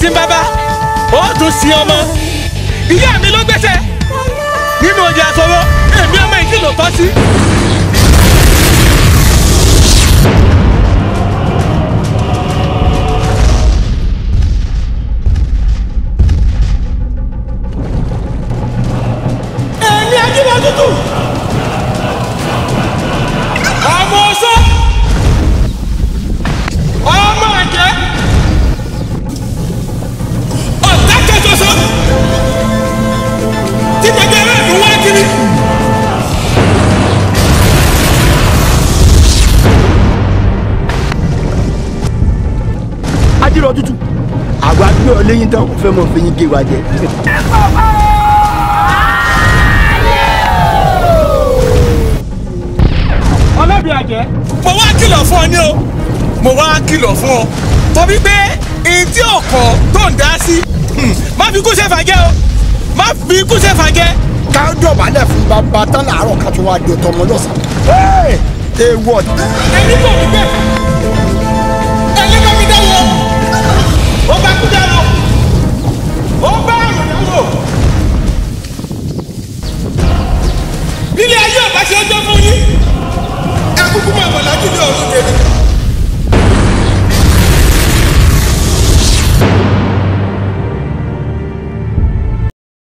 sin bàbá ó tún sin ọmọ ìyá mi ló gbéṣẹ́ nínú ọjà àsọwọ́ èmi ọmọ ìkìlọ̀ tọ́ sí. Tudo! lọ tútù àwa gbé ọ léyìn tán fẹ́ mọ fẹ́yìn gé wa jẹ. ọlọ́bì àjẹ́. mo wá kìlọ̀ fún ọ ní o mo wá kìlọ̀ fún ọ torí pé etí ọkọ̀ tó ń dá sí hmm, má fi kú fàjẹ́ o má fi kú ṣe fàjẹ́. ká dọ̀bálẹ̀ fún bàbá tán láàárọ̀ ká tó wá di ọ̀tọ̀ ọmọ ẹ ẹ wọ. ẹni kò ní bẹ́ẹ̀. bá ṣe ọjọ́ fún yín ẹ kúkú mọ̀